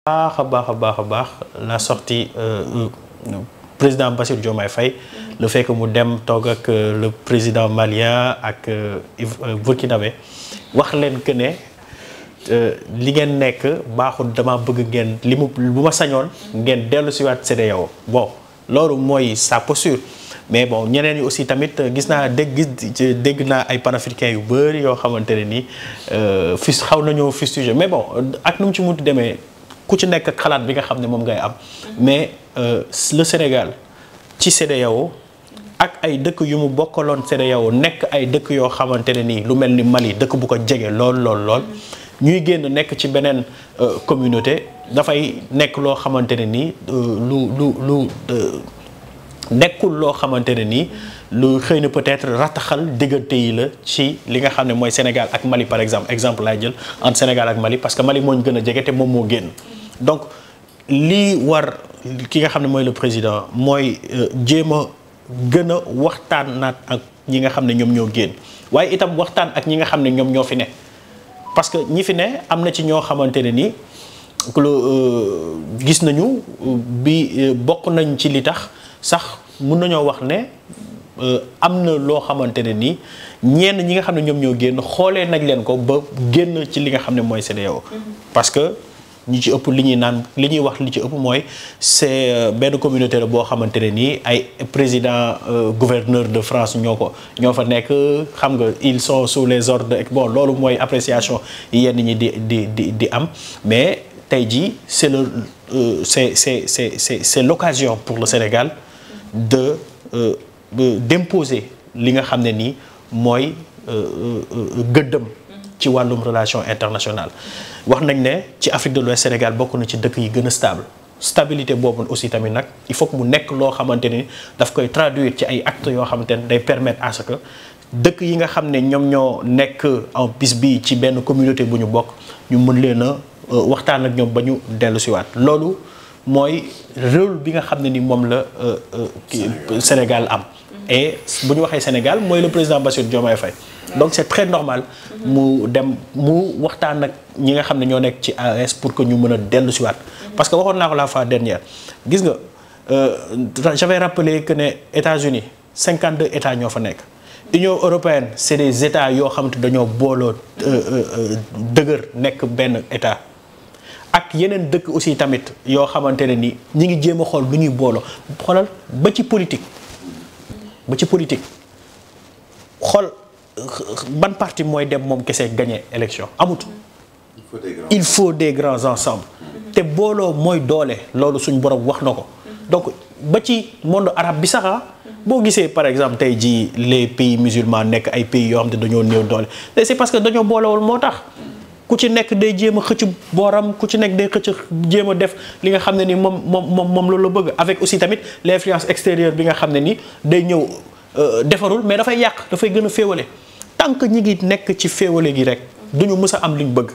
baax a baax a baax a baax la sortie euh, président Bassirou Diomaye Faye mm-hmm. le fait que mu dem toog ak euh, le président malien ak euh, burkinabé wax leen que ne li ngeen nekk baaxul dama bëgg ngeen li mu bu ma sañoon ngeen dellu siwaat CEDEAO bon loolu mooy sa posture mais bon ñeneen ñi aussi tamit gis naa dégg gis dégg naa ay panafricains yu bëri yoo xamante ne nii fis xaw nañoo fustigé mais bon ak nu ci munti demee ku ci nekk ak xalaat bi nga xam ne moom ngay am mais euh, le Sénégal ci CEDEAO ak ay dëkk yu mu bokkaloon CEDEAO nekk ay dëkk yoo xamante ne nii lu mel ni Mali dëkk bu ko jege lool lool lool ñuy génn nekk ci beneen euh, communauté dafay nekk loo xamante ne nii euh, lu lu nekkul loo xamante ne nii lu xëy na peut-être rataxal diggante yi la ci li nga xam ne mooy Sénégal ak Mali par exemple exemple laay jël entre Sénégal ak Mali parce que Mali moo gën a jege te moom moo génn. donc lii war ki nga xam ne mooy le président mooy euh, jéem a gën a waxtaan naat ak ñi nga xam ne ñoom ñoo génn waaye itam waxtaan ak ñi nga xam ne ñoom ñoo fi ne parce que ñi fi ne am na ci ñoo xamante ne ni euh, gis nañu euh, bi bokk nañ ci li tax sax mun nañoo wax ne am na loo xamante ne ni ñenn ñi nga xam ne ñoom ñoo génn xoolee nañ leen ko ba génn ci li nga xam ne mooy CEDEAO mm-hmm. parce que ñi ci ëpp li ñuy naan li ñuy wax li ci ëpp mooy c'est euh, benn communauté la boo xamante ne nii ay président euh, gouverneur de France ñoo ko ñoo fa nekk xam nga ils sont sous les ordres bon loolu mooy appréciation yenn ñi di di di di am mais tey jii c'est le euh, c'est c'est c'est c'est c'est l'occasion pour le Sénégal de d'imposer li nga xam ne nii mooy gëddëm ci wàllum relation internationale wax nañ ne ci Afrique de l'Ouest Sénégal bokk na ci dëkk yi gën a stable stabilité boobu aussi tamit nag il faut mu nekk loo xamante ni daf koy traduire ci ay actes yoo xamante ni day permettre à que dëkk yi nga xam ne ñoom ñoo nekk en bis bi ci benn communauté bu ñu bokk ñu mën leen a euh, waxtaan ak ñoom ba ñu dellu siwaat loolu mooy rôle bi nga xam ne ni moom la euh, euh, Sénégal am mm-hmm. et bu ñu waxee Sénégal mooy le président Bassirou Diomaye Faye donc c'est très normal mm-hmm. mu dem mu waxtaan nag ñi nga xam ne ñoo nekk ci AES pour que ñu mën a dellu si waat mm-hmm. parce que waxoon naa ko la fois dernière gis nga euh, j'avais rappelé que ne États-Unis 52 état ñoo fa nekk Union européenne c'est des états yoo xam te dañoo booloo dëgër nekk benn état ak yeneen dëkk aussi tamit yoo xamante ne ni ñi ngi jéem a xool lu ñuy booloo xoolal ba ci politique ba ci politique xol ban parti mooy dem moom kese gagné élection amut. il faut des grands ensembles. Mm-hmm. te booloo mooy doole loolu suñ borom wax na ko. Mm-hmm. donc ba ci monde arab bi sax ah, mm-hmm. boo gisee par exemple tey jii les pays musulmans nekk ay pays yoo xam ne dañoo néew doole te c'est parce que dañoo boolewul moo tax. ku ci nekk day jéem a xëcc booram ku ci nekk day xëcc jéem a def li nga xam ne ni moom moom moom moom loolu la bëgg avec aussi tamit l' influence extérieure bi nga xam ne ni day ñëw euh, defarul mais dafay yàq dafay gën a féewale tant que ñi ngi nekk ci féewale gi rek du ñu mës a am ñu bëgg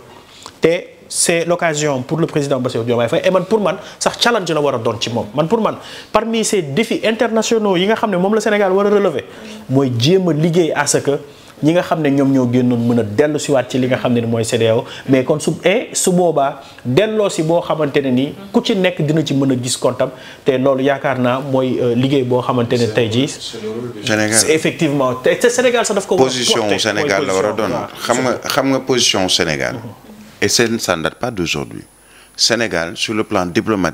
te c' est l' pour le président Bassirou Diomaye Faye et man pour man sax challenge la war a doon ci moom man pour man parmi ces défis internationaux yi nga xam ne moom la Sénégal war a relever mooy jéem a liggéey à que ñi nga xam ne ñoom ñoo génnoon mën a dellu siwaat ci li nga xam ne ni mooy CEDEAO mais kon su e su boobaa delloo si boo xamante ne nii ku ci nekk dina ci mën a gis kontam te loolu yaakaar naa mooy euh, liggéey boo xamante ne tey jii effectivement te Sénégal sax daf ko position Sénégal la war a doon xam nga xam nga position Sénégal mm-hmm. et ça ne date pas d'aujourd'hui Sénégal sur le plan diplomatique